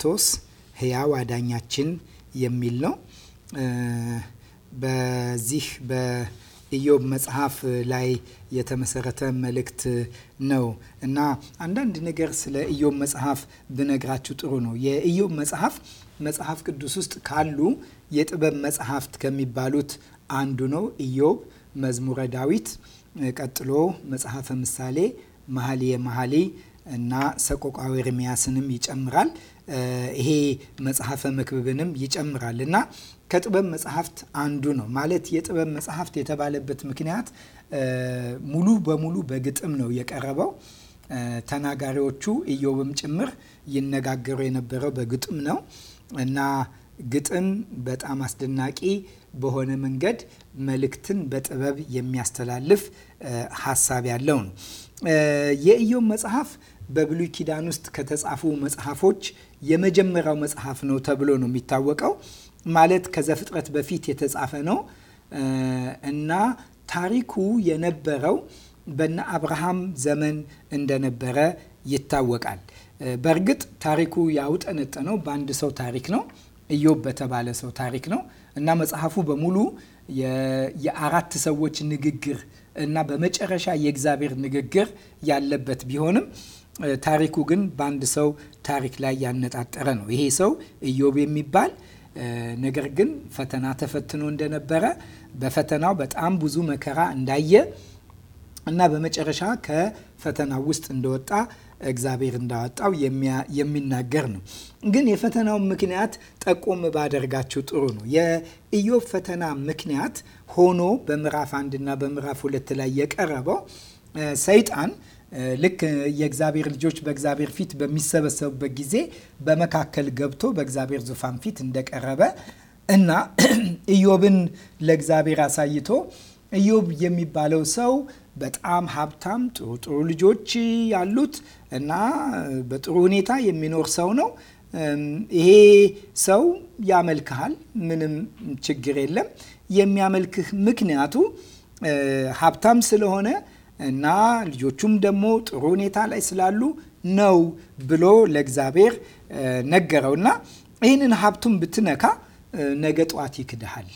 ክርስቶስ ሕያው አዳኛችን የሚል ነው። በዚህ በኢዮብ መጽሐፍ ላይ የተመሰረተ መልእክት ነው እና አንዳንድ ነገር ስለ ኢዮብ መጽሐፍ ብነግራችሁ ጥሩ ነው። የኢዮብ መጽሐፍ መጽሐፍ ቅዱስ ውስጥ ካሉ የጥበብ መጽሐፍት ከሚባሉት አንዱ ነው። ኢዮብ፣ መዝሙረ ዳዊት፣ ቀጥሎ መጽሐፈ ምሳሌ፣ መኃልየ መኃልይ እና ሰቆቃወ ኤርምያስንም ይጨምራል። ይሄ መጽሐፈ መክብብንም ይጨምራል እና ከጥበብ መጽሐፍት አንዱ ነው። ማለት የጥበብ መጽሐፍት የተባለበት ምክንያት ሙሉ በሙሉ በግጥም ነው የቀረበው። ተናጋሪዎቹ ኢዮብም ጭምር ይነጋገሩ የነበረው በግጥም ነው እና ግጥም በጣም አስደናቂ በሆነ መንገድ መልእክትን በጥበብ የሚያስተላልፍ ሀሳብ ያለው ነው። የኢዮብ መጽሐፍ በብሉይ ኪዳን ውስጥ ከተጻፉ መጽሐፎች የመጀመሪያው መጽሐፍ ነው ተብሎ ነው የሚታወቀው። ማለት ከዘፍጥረት በፊት የተጻፈ ነው እና ታሪኩ የነበረው በነ አብርሃም ዘመን እንደነበረ ይታወቃል። በእርግጥ ታሪኩ ያውጠነጠነው በአንድ ሰው ታሪክ ነው፣ እዮብ በተባለ ሰው ታሪክ ነው እና መጽሐፉ በሙሉ የአራት ሰዎች ንግግር እና በመጨረሻ የእግዚአብሔር ንግግር ያለበት ቢሆንም ታሪኩ ግን በአንድ ሰው ታሪክ ላይ ያነጣጠረ ነው። ይሄ ሰው ኢዮብ የሚባል ነገር ግን ፈተና ተፈትኖ እንደነበረ በፈተናው በጣም ብዙ መከራ እንዳየ እና በመጨረሻ ከፈተናው ውስጥ እንደወጣ እግዚአብሔር እንዳወጣው የሚናገር ነው። ግን የፈተናው ምክንያት ጠቆም ባደርጋችሁ ጥሩ ነው። የኢዮብ ፈተና ምክንያት ሆኖ በምዕራፍ አንድ እና በምዕራፍ ሁለት ላይ የቀረበው ሰይጣን ልክ የእግዚአብሔር ልጆች በእግዚአብሔር ፊት በሚሰበሰቡበት ጊዜ በመካከል ገብቶ በእግዚአብሔር ዙፋን ፊት እንደቀረበ እና ኢዮብን ለእግዚአብሔር አሳይቶ ኢዮብ የሚባለው ሰው በጣም ሀብታም፣ ጥሩ ጥሩ ልጆች ያሉት እና በጥሩ ሁኔታ የሚኖር ሰው ነው። ይሄ ሰው ያመልክሃል፣ ምንም ችግር የለም። የሚያመልክህ ምክንያቱ ሀብታም ስለሆነ እና ልጆቹም ደግሞ ጥሩ ሁኔታ ላይ ስላሉ ነው ብሎ ለእግዚአብሔር ነገረው እና ይህንን ሀብቱን ብትነካ ነገ ጠዋት ይክድሃል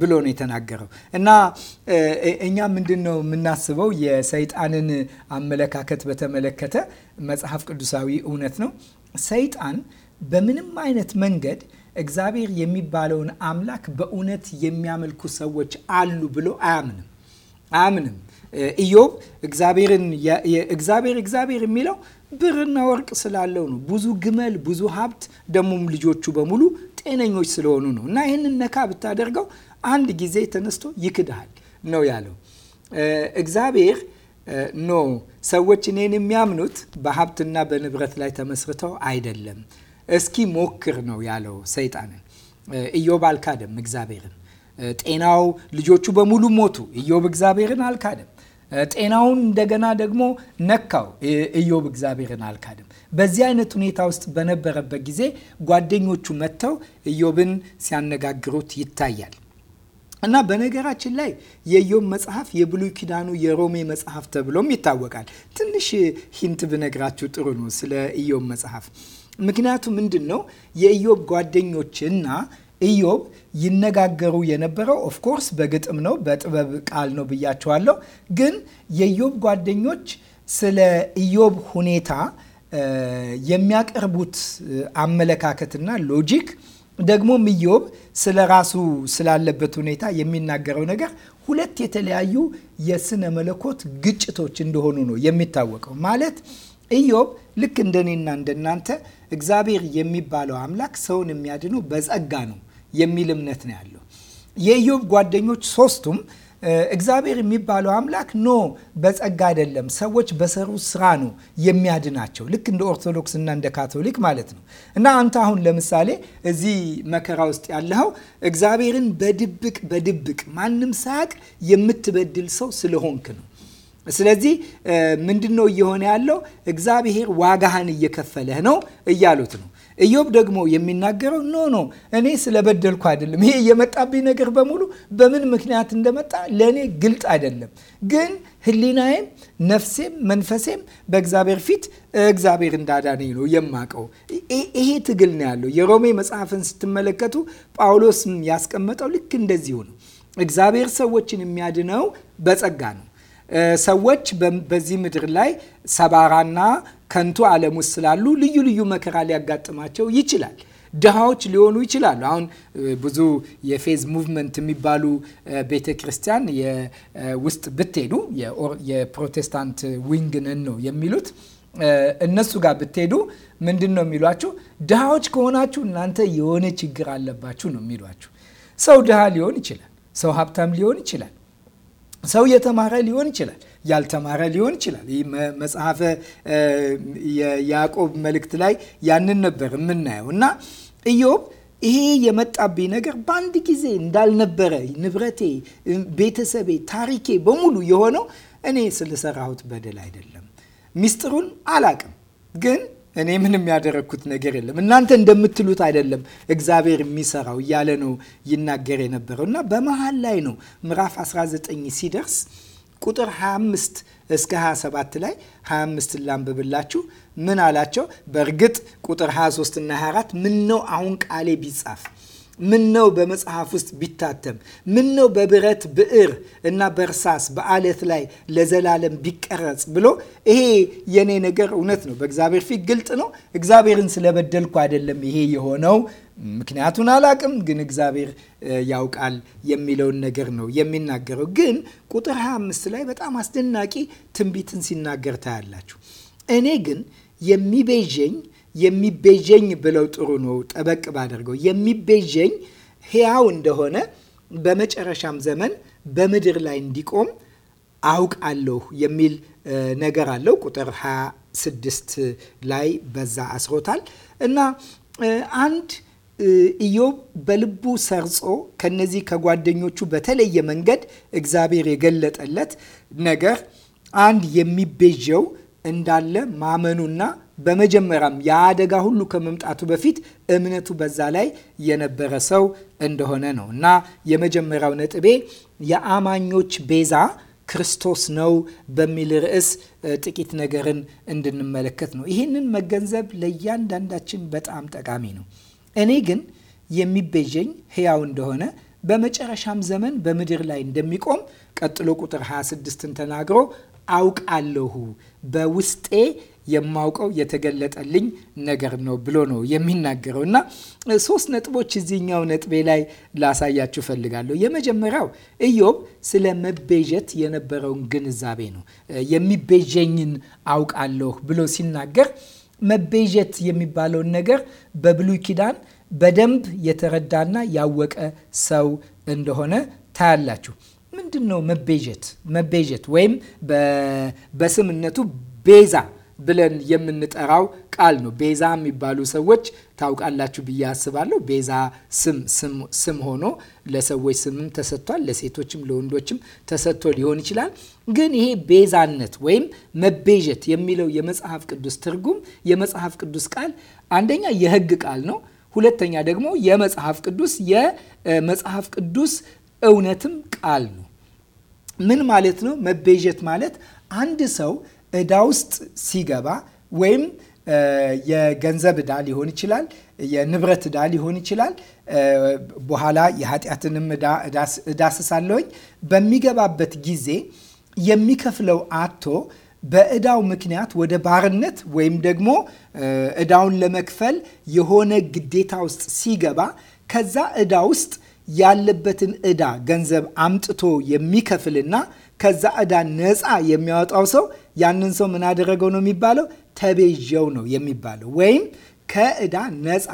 ብሎ ነው የተናገረው እና እኛ ምንድን ነው የምናስበው የሰይጣንን አመለካከት በተመለከተ መጽሐፍ ቅዱሳዊ እውነት ነው። ሰይጣን በምንም አይነት መንገድ እግዚአብሔር የሚባለውን አምላክ በእውነት የሚያመልኩ ሰዎች አሉ ብሎ አያምንም አያምንም። ኢዮብ እግዚአብሔርን እግዚአብሔር እግዚአብሔር የሚለው ብርና ወርቅ ስላለው ነው። ብዙ ግመል፣ ብዙ ሀብት ደግሞም ልጆቹ በሙሉ ጤነኞች ስለሆኑ ነው። እና ይህንን ነካ ብታደርገው አንድ ጊዜ ተነስቶ ይክድሃል ነው ያለው እግዚአብሔር ኖ ሰዎች እኔን የሚያምኑት በሀብትና በንብረት ላይ ተመስርተው አይደለም፣ እስኪ ሞክር ነው ያለው ሰይጣንን። ኢዮብ አልካደም እግዚአብሔርን። ጤናው ልጆቹ በሙሉ ሞቱ፣ ኢዮብ እግዚአብሔርን አልካደም። ጤናውን እንደገና ደግሞ ነካው። ኢዮብ እግዚአብሔርን አልካድም። በዚህ አይነት ሁኔታ ውስጥ በነበረበት ጊዜ ጓደኞቹ መጥተው ኢዮብን ሲያነጋግሩት ይታያል። እና በነገራችን ላይ የዮብ መጽሐፍ የብሉይ ኪዳኑ የሮሜ መጽሐፍ ተብሎም ይታወቃል። ትንሽ ሂንት ብነግራችሁ ጥሩ ነው ስለ ኢዮብ መጽሐፍ። ምክንያቱ ምንድን ነው? የኢዮብ ጓደኞችና ኢዮብ ይነጋገሩ የነበረው ኦፍኮርስ በግጥም ነው፣ በጥበብ ቃል ነው ብያቸዋለሁ። ግን የኢዮብ ጓደኞች ስለ ኢዮብ ሁኔታ የሚያቀርቡት አመለካከትና ሎጂክ ደግሞም ኢዮብ ስለ ራሱ ስላለበት ሁኔታ የሚናገረው ነገር ሁለት የተለያዩ የስነ መለኮት ግጭቶች እንደሆኑ ነው የሚታወቀው። ማለት ኢዮብ ልክ እንደኔና እንደናንተ እግዚአብሔር የሚባለው አምላክ ሰውን የሚያድነው በጸጋ ነው የሚል እምነት ነው ያለው። የኢዮብ ጓደኞች ሶስቱም እግዚአብሔር የሚባለው አምላክ ኖ በጸጋ አይደለም፣ ሰዎች በሰሩ ስራ ነው የሚያድናቸው። ልክ እንደ ኦርቶዶክስ እና እንደ ካቶሊክ ማለት ነው። እና አንተ አሁን ለምሳሌ እዚህ መከራ ውስጥ ያለኸው እግዚአብሔርን በድብቅ በድብቅ ማንም ሳያውቅ የምትበድል ሰው ስለሆንክ ነው። ስለዚህ ምንድን ነው እየሆነ ያለው? እግዚአብሔር ዋጋህን እየከፈለህ ነው እያሉት ነው። ኢዮብ ደግሞ የሚናገረው ኖ ኖ እኔ ስለበደልኩ አይደለም። ይሄ የመጣብኝ ነገር በሙሉ በምን ምክንያት እንደመጣ ለእኔ ግልጥ አይደለም። ግን ሕሊናዬም ነፍሴም መንፈሴም በእግዚአብሔር ፊት እግዚአብሔር እንዳዳነኝ ነው የማቀው። ይሄ ትግል ነው ያለው። የሮሜ መጽሐፍን ስትመለከቱ ጳውሎስም ያስቀመጠው ልክ እንደዚሁ ነው። እግዚአብሔር ሰዎችን የሚያድነው በጸጋ ነው። ሰዎች በዚህ ምድር ላይ ሰባራና ከንቱ ዓለም ውስጥ ስላሉ ልዩ ልዩ መከራ ሊያጋጥማቸው ይችላል። ድሃዎች ሊሆኑ ይችላሉ። አሁን ብዙ የፌዝ ሙቭመንት የሚባሉ ቤተ ክርስቲያን ውስጥ ብትሄዱ የፕሮቴስታንት ዊንግንን ነው የሚሉት እነሱ ጋር ብትሄዱ ምንድን ነው የሚሏችሁ? ድሃዎች ከሆናችሁ እናንተ የሆነ ችግር አለባችሁ ነው የሚሏችሁ። ሰው ድሃ ሊሆን ይችላል። ሰው ሀብታም ሊሆን ይችላል። ሰው የተማረ ሊሆን ይችላል፣ ያልተማረ ሊሆን ይችላል። ይህ መጽሐፈ የያዕቆብ መልእክት ላይ ያንን ነበር የምናየው እና ኢዮብ ይሄ የመጣብኝ ነገር በአንድ ጊዜ እንዳልነበረ ንብረቴ፣ ቤተሰቤ፣ ታሪኬ በሙሉ የሆነው እኔ ስለሰራሁት በደል አይደለም። ሚስጥሩን አላቅም ግን እኔ ምንም ያደረግኩት ነገር የለም፣ እናንተ እንደምትሉት አይደለም እግዚአብሔር የሚሰራው እያለ ነው ይናገር የነበረው እና በመሀል ላይ ነው ምዕራፍ 19 ሲደርስ ቁጥር 25 እስከ 27 ላይ 25 ላንብብላችሁ። ምን አላቸው? በእርግጥ ቁጥር 23 እና 24 ምን ነው አሁን ቃሌ ቢጻፍ ምን ነው በመጽሐፍ ውስጥ ቢታተም፣ ምን ነው በብረት ብዕር እና በእርሳስ በአለት ላይ ለዘላለም ቢቀረጽ ብሎ ይሄ የኔ ነገር እውነት ነው፣ በእግዚአብሔር ፊት ግልጥ ነው። እግዚአብሔርን ስለበደልኩ አይደለም ይሄ የሆነው፣ ምክንያቱን አላቅም፣ ግን እግዚአብሔር ያውቃል የሚለውን ነገር ነው የሚናገረው። ግን ቁጥር 25 ላይ በጣም አስደናቂ ትንቢትን ሲናገር ታያላችሁ። እኔ ግን የሚቤዠኝ የሚቤዠኝ ብለው ጥሩ ነው ጠበቅ ባደርገው የሚቤዠኝ ሕያው እንደሆነ በመጨረሻም ዘመን በምድር ላይ እንዲቆም አውቃለሁ የሚል ነገር አለው። ቁጥር 26 ላይ በዛ አስሮታል እና አንድ ኢዮብ በልቡ ሰርጾ ከነዚህ ከጓደኞቹ በተለየ መንገድ እግዚአብሔር የገለጠለት ነገር አንድ የሚቤዠው እንዳለ ማመኑና በመጀመሪያም የአደጋ ሁሉ ከመምጣቱ በፊት እምነቱ በዛ ላይ የነበረ ሰው እንደሆነ ነው እና የመጀመሪያው ነጥቤ የአማኞች ቤዛ ክርስቶስ ነው በሚል ርዕስ ጥቂት ነገርን እንድንመለከት ነው። ይህንን መገንዘብ ለእያንዳንዳችን በጣም ጠቃሚ ነው። እኔ ግን የሚቤዠኝ ሕያው እንደሆነ በመጨረሻም ዘመን በምድር ላይ እንደሚቆም ቀጥሎ ቁጥር 26ን ተናግሮ አውቃለሁ በውስጤ የማውቀው የተገለጠልኝ ነገር ነው ብሎ ነው የሚናገረው። እና ሶስት ነጥቦች እዚህኛው ነጥቤ ላይ ላሳያችሁ ፈልጋለሁ። የመጀመሪያው እዮብ ስለ መቤዠት የነበረውን ግንዛቤ ነው። የሚቤዠኝን አውቃለሁ ብሎ ሲናገር መቤዠት የሚባለውን ነገር በብሉይ ኪዳን በደንብ የተረዳና ያወቀ ሰው እንደሆነ ታያላችሁ። ምንድን ነው መቤዠት? መቤዠት ወይም በስምነቱ ቤዛ ብለን የምንጠራው ቃል ነው። ቤዛ የሚባሉ ሰዎች ታውቃላችሁ ብዬ አስባለሁ። ቤዛ ስም ስም ሆኖ ለሰዎች ስምም ተሰጥቷል። ለሴቶችም ለወንዶችም ተሰጥቶ ሊሆን ይችላል። ግን ይሄ ቤዛነት ወይም መቤዠት የሚለው የመጽሐፍ ቅዱስ ትርጉም የመጽሐፍ ቅዱስ ቃል አንደኛ የሕግ ቃል ነው። ሁለተኛ ደግሞ የመጽሐፍ ቅዱስ የመጽሐፍ ቅዱስ እውነትም ቃል ነው። ምን ማለት ነው? መቤዠት ማለት አንድ ሰው እዳ ውስጥ ሲገባ ወይም የገንዘብ እዳ ሊሆን ይችላል፣ የንብረት ዕዳ ሊሆን ይችላል። በኋላ የኃጢአትንም እዳስሳለሁኝ በሚገባበት ጊዜ የሚከፍለው አቶ በእዳው ምክንያት ወደ ባርነት ወይም ደግሞ እዳውን ለመክፈል የሆነ ግዴታ ውስጥ ሲገባ ከዛ እዳ ውስጥ ያለበትን እዳ ገንዘብ አምጥቶ የሚከፍልና ከዛ እዳ ነፃ የሚያወጣው ሰው ያንን ሰው ምን አደረገው ነው የሚባለው? ተቤዠው ነው የሚባለው ወይም ከእዳ ነፃ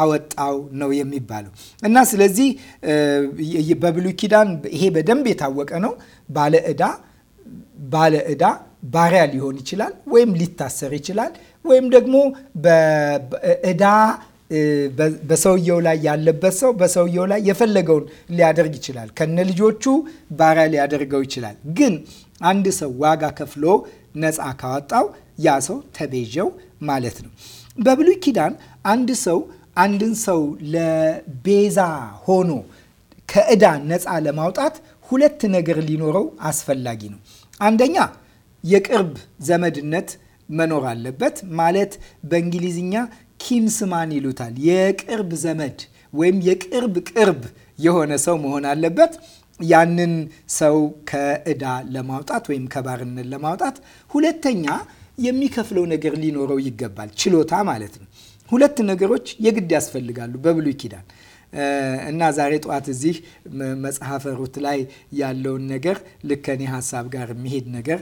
አወጣው ነው የሚባለው እና ስለዚህ በብሉይ ኪዳን ይሄ በደንብ የታወቀ ነው። ባለ ባለ እዳ ባሪያ ሊሆን ይችላል ወይም ሊታሰር ይችላል ወይም ደግሞ እዳ በሰውየው ላይ ያለበት ሰው በሰውየው ላይ የፈለገውን ሊያደርግ ይችላል። ከነ ልጆቹ ባሪያ ሊያደርገው ይችላል። ግን አንድ ሰው ዋጋ ከፍሎ ነፃ ካወጣው ያ ሰው ተቤዠው ማለት ነው። በብሉይ ኪዳን አንድ ሰው አንድን ሰው ለቤዛ ሆኖ ከእዳ ነፃ ለማውጣት ሁለት ነገር ሊኖረው አስፈላጊ ነው። አንደኛ የቅርብ ዘመድነት መኖር አለበት። ማለት በእንግሊዝኛ ኪንስማን ይሉታል። የቅርብ ዘመድ ወይም የቅርብ ቅርብ የሆነ ሰው መሆን አለበት። ያንን ሰው ከእዳ ለማውጣት ወይም ከባርነት ለማውጣት ሁለተኛ የሚከፍለው ነገር ሊኖረው ይገባል። ችሎታ ማለት ነው። ሁለት ነገሮች የግድ ያስፈልጋሉ በብሉይ ኪዳን እና ዛሬ ጠዋት እዚህ መጽሐፈ ሩት ላይ ያለውን ነገር ልክ ሀሳብ ጋር የሚሄድ ነገር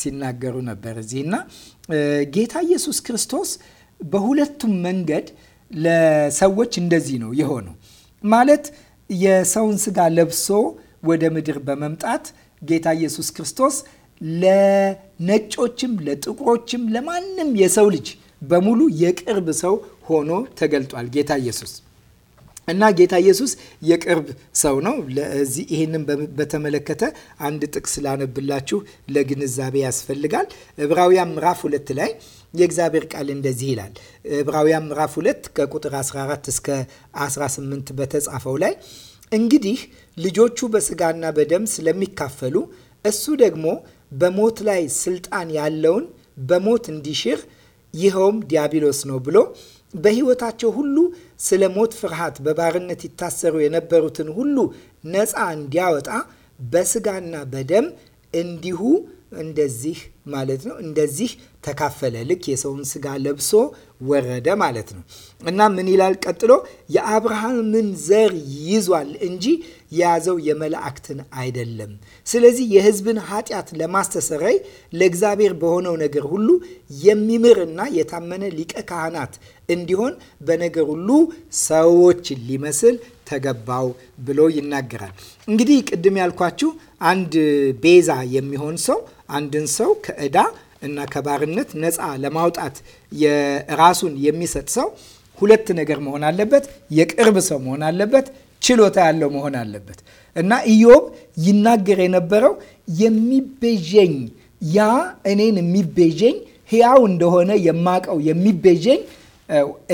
ሲናገሩ ነበር እዚህ እና ጌታ ኢየሱስ ክርስቶስ በሁለቱም መንገድ ለሰዎች እንደዚህ ነው የሆነው ማለት የሰውን ስጋ ለብሶ ወደ ምድር በመምጣት ጌታ ኢየሱስ ክርስቶስ ለነጮችም፣ ለጥቁሮችም፣ ለማንም የሰው ልጅ በሙሉ የቅርብ ሰው ሆኖ ተገልጧል ጌታ ኢየሱስ እና ጌታ ኢየሱስ የቅርብ ሰው ነው። ለዚህ ይህንን በተመለከተ አንድ ጥቅስ ላነብላችሁ ለግንዛቤ ያስፈልጋል። ዕብራውያን ምዕራፍ ሁለት ላይ የእግዚአብሔር ቃል እንደዚህ ይላል። ዕብራውያን ምዕራፍ 2 ከቁጥር 14 እስከ 18 በተጻፈው ላይ እንግዲህ ልጆቹ በስጋና በደም ስለሚካፈሉ እሱ ደግሞ በሞት ላይ ስልጣን ያለውን በሞት እንዲሽር ይኸውም ዲያብሎስ ነው ብሎ በሕይወታቸው ሁሉ ስለ ሞት ፍርሃት በባርነት ይታሰሩ የነበሩትን ሁሉ ነፃ እንዲያወጣ በስጋና በደም እንዲሁ እንደዚህ ማለት ነው እንደዚህ ተካፈለ። ልክ የሰውን ስጋ ለብሶ ወረደ ማለት ነው እና ምን ይላል ቀጥሎ? የአብርሃምን ዘር ይዟል እንጂ የያዘው የመላእክትን አይደለም። ስለዚህ የሕዝብን ኃጢአት ለማስተሰረይ ለእግዚአብሔር በሆነው ነገር ሁሉ የሚምርና የታመነ ሊቀ ካህናት እንዲሆን በነገር ሁሉ ሰዎችን ሊመስል ተገባው ብሎ ይናገራል። እንግዲህ ቅድም ያልኳችሁ አንድ ቤዛ የሚሆን ሰው አንድን ሰው ከእዳ እና ከባርነት ነፃ ለማውጣት ራሱን የሚሰጥ ሰው ሁለት ነገር መሆን አለበት። የቅርብ ሰው መሆን አለበት። ችሎታ ያለው መሆን አለበት እና ኢዮብ ይናገር የነበረው የሚቤዠኝ ያ እኔን የሚቤዠኝ ሕያው እንደሆነ የማቀው የሚቤዠኝ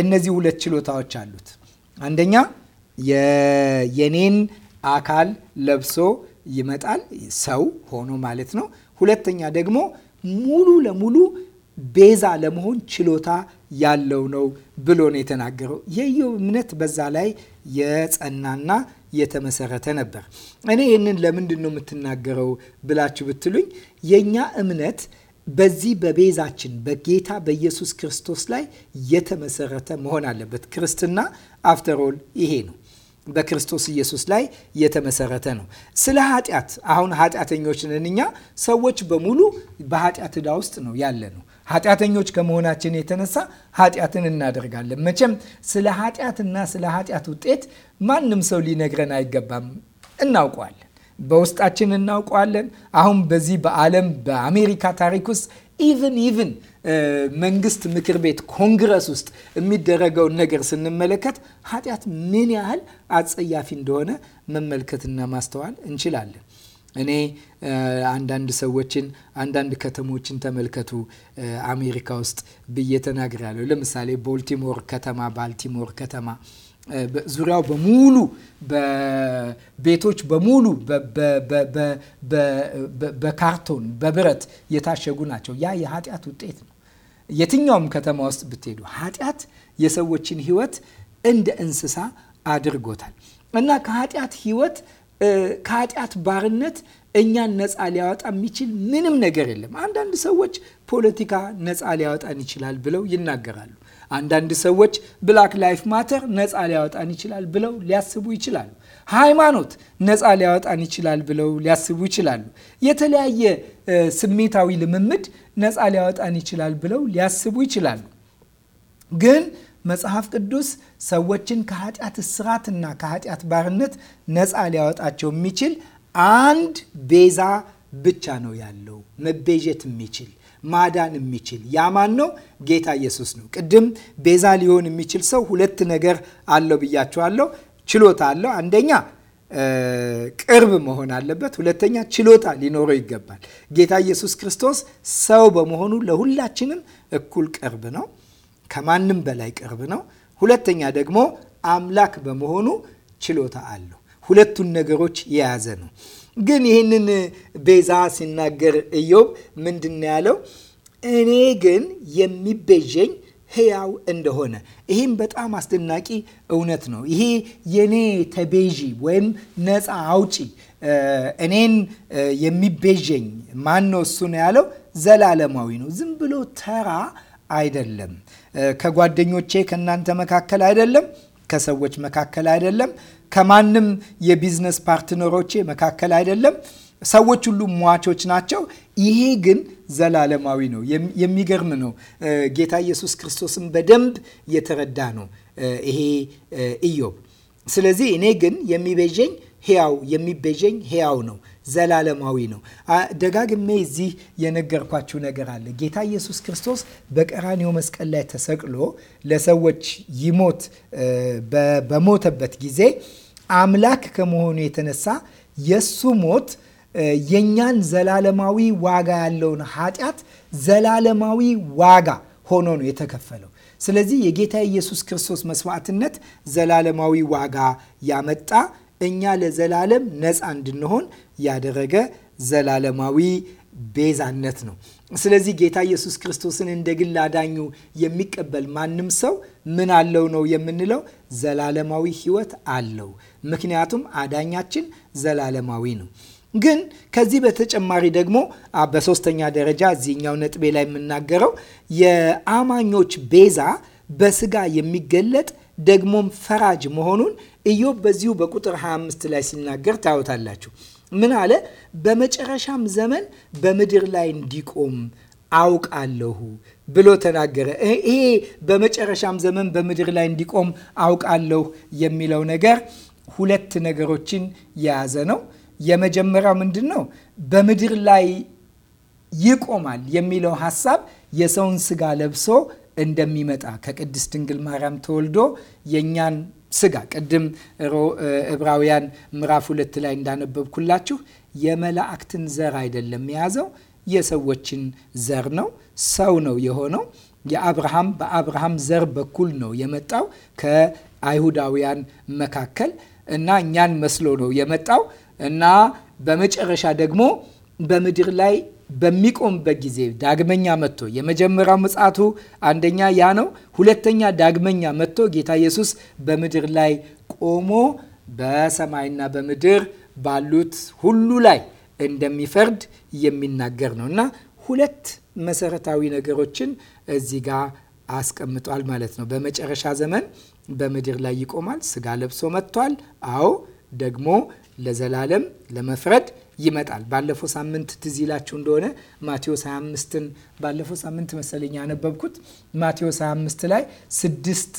እነዚህ ሁለት ችሎታዎች አሉት። አንደኛ የኔን አካል ለብሶ ይመጣል ሰው ሆኖ ማለት ነው። ሁለተኛ ደግሞ ሙሉ ለሙሉ ቤዛ ለመሆን ችሎታ ያለው ነው ብሎ ነው የተናገረው። የኢዮብ እምነት በዛ ላይ የጸናና የተመሰረተ ነበር። እኔ ይህንን ለምንድን ነው የምትናገረው ብላችሁ ብትሉኝ የእኛ እምነት በዚህ በቤዛችን በጌታ በኢየሱስ ክርስቶስ ላይ የተመሰረተ መሆን አለበት። ክርስትና አፍተሮል ይሄ ነው። በክርስቶስ ኢየሱስ ላይ የተመሰረተ ነው። ስለ ኃጢአት አሁን ኃጢአተኞች ነን እኛ ሰዎች በሙሉ በኃጢአት ዕዳ ውስጥ ነው ያለ ነው። ኃጢአተኞች ከመሆናችን የተነሳ ኃጢአትን እናደርጋለን። መቼም ስለ ኃጢአትና ስለ ኃጢአት ውጤት ማንም ሰው ሊነግረን አይገባም። እናውቀዋለን፣ በውስጣችን እናውቀዋለን። አሁን በዚህ በዓለም በአሜሪካ ታሪክ ውስጥ ኢቭን ኢቭን መንግስት ምክር ቤት ኮንግረስ ውስጥ የሚደረገውን ነገር ስንመለከት ኃጢአት ምን ያህል አጸያፊ እንደሆነ መመልከትና ማስተዋል እንችላለን። እኔ አንዳንድ ሰዎችን አንዳንድ ከተሞችን ተመልከቱ አሜሪካ ውስጥ ብዬ ተናግራለሁ። ለምሳሌ ቦልቲሞር ከተማ ባልቲሞር ከተማ ዙሪያው በሙሉ ቤቶች በሙሉ በካርቶን በብረት የታሸጉ ናቸው። ያ የኃጢአት ውጤት ነው። የትኛውም ከተማ ውስጥ ብትሄዱ ኃጢአት የሰዎችን ህይወት እንደ እንስሳ አድርጎታል እና ከኃጢአት ህይወት ከኃጢአት ባርነት እኛን ነፃ ሊያወጣ የሚችል ምንም ነገር የለም። አንዳንድ ሰዎች ፖለቲካ ነፃ ሊያወጣን ይችላል ብለው ይናገራሉ። አንዳንድ ሰዎች ብላክ ላይፍ ማተር ነፃ ሊያወጣን ይችላል ብለው ሊያስቡ ይችላሉ። ሃይማኖት ነፃ ሊያወጣን ይችላል ብለው ሊያስቡ ይችላሉ። የተለያየ ስሜታዊ ልምምድ ነፃ ሊያወጣን ይችላል ብለው ሊያስቡ ይችላሉ። ግን መጽሐፍ ቅዱስ ሰዎችን ከኃጢአት እስራትና ከኃጢአት ባርነት ነፃ ሊያወጣቸው የሚችል አንድ ቤዛ ብቻ ነው ያለው መቤዠት የሚችል ማዳን የሚችል ያማን ነው? ጌታ ኢየሱስ ነው። ቅድም ቤዛ ሊሆን የሚችል ሰው ሁለት ነገር አለው ብያችኋለሁ። ችሎታ አለው። አንደኛ ቅርብ መሆን አለበት። ሁለተኛ ችሎታ ሊኖረው ይገባል። ጌታ ኢየሱስ ክርስቶስ ሰው በመሆኑ ለሁላችንም እኩል ቅርብ ነው፣ ከማንም በላይ ቅርብ ነው። ሁለተኛ ደግሞ አምላክ በመሆኑ ችሎታ አለው። ሁለቱን ነገሮች የያዘ ነው። ግን ይህንን ቤዛ ሲናገር ኢዮብ ምንድን ያለው? እኔ ግን የሚቤዠኝ ህያው እንደሆነ ይህም በጣም አስደናቂ እውነት ነው። ይሄ የኔ ተቤዢ ወይም ነፃ አውጪ እኔን የሚቤዠኝ ማን ነው? እሱ ነው ያለው። ዘላለማዊ ነው። ዝም ብሎ ተራ አይደለም። ከጓደኞቼ ከእናንተ መካከል አይደለም፣ ከሰዎች መካከል አይደለም፣ ከማንም የቢዝነስ ፓርትነሮቼ መካከል አይደለም ሰዎች ሁሉ ሟቾች ናቸው። ይሄ ግን ዘላለማዊ ነው። የሚገርም ነው። ጌታ ኢየሱስ ክርስቶስን በደንብ የተረዳ ነው ይሄ ኢዮብ። ስለዚህ እኔ ግን የሚቤዠኝ ሕያው የሚቤዠኝ ሕያው ነው፣ ዘላለማዊ ነው። ደጋግሜ እዚህ የነገርኳችሁ ነገር አለ። ጌታ ኢየሱስ ክርስቶስ በቀራኒው መስቀል ላይ ተሰቅሎ ለሰዎች ይሞት በሞተበት ጊዜ አምላክ ከመሆኑ የተነሳ የሱ ሞት የእኛን ዘላለማዊ ዋጋ ያለውን ኃጢአት ዘላለማዊ ዋጋ ሆኖ ነው የተከፈለው። ስለዚህ የጌታ ኢየሱስ ክርስቶስ መስዋዕትነት ዘላለማዊ ዋጋ ያመጣ እኛ ለዘላለም ነፃ እንድንሆን ያደረገ ዘላለማዊ ቤዛነት ነው። ስለዚህ ጌታ ኢየሱስ ክርስቶስን እንደ ግል አዳኙ የሚቀበል ማንም ሰው ምን አለው ነው የምንለው? ዘላለማዊ ሕይወት አለው። ምክንያቱም አዳኛችን ዘላለማዊ ነው። ግን ከዚህ በተጨማሪ ደግሞ በሶስተኛ ደረጃ እዚህኛው ነጥቤ ላይ የምናገረው የአማኞች ቤዛ በስጋ የሚገለጥ ደግሞም ፈራጅ መሆኑን ኢዮብ በዚሁ በቁጥር 25 ላይ ሲናገር ታወታላችሁ። ምን አለ? በመጨረሻም ዘመን በምድር ላይ እንዲቆም አውቃለሁ ብሎ ተናገረ። ይሄ በመጨረሻም ዘመን በምድር ላይ እንዲቆም አውቃለሁ የሚለው ነገር ሁለት ነገሮችን የያዘ ነው። የመጀመሪያው ምንድን ነው? በምድር ላይ ይቆማል የሚለው ሀሳብ የሰውን ስጋ ለብሶ እንደሚመጣ ከቅድስት ድንግል ማርያም ተወልዶ የእኛን ስጋ ቅድም ዕብራውያን ምዕራፍ ሁለት ላይ እንዳነበብኩላችሁ የመላእክትን ዘር አይደለም የያዘው የሰዎችን ዘር ነው። ሰው ነው የሆነው። የአብርሃም በአብርሃም ዘር በኩል ነው የመጣው ከአይሁዳውያን መካከል እና እኛን መስሎ ነው የመጣው እና በመጨረሻ ደግሞ በምድር ላይ በሚቆምበት ጊዜ ዳግመኛ መጥቶ የመጀመሪያው ምጽአቱ አንደኛ ያ ነው። ሁለተኛ ዳግመኛ መጥቶ ጌታ ኢየሱስ በምድር ላይ ቆሞ በሰማይና በምድር ባሉት ሁሉ ላይ እንደሚፈርድ የሚናገር ነው እና ሁለት መሰረታዊ ነገሮችን እዚህ ጋር አስቀምጧል ማለት ነው። በመጨረሻ ዘመን በምድር ላይ ይቆማል። ስጋ ለብሶ መጥቷል። አዎ ደግሞ ለዘላለም ለመፍረድ ይመጣል። ባለፈው ሳምንት ትዝ ይላችሁ እንደሆነ ማቴዎስ 25ን ባለፈው ሳምንት መሰለኝ ያነበብኩት ማቴዎስ 25 ላይ ስድስት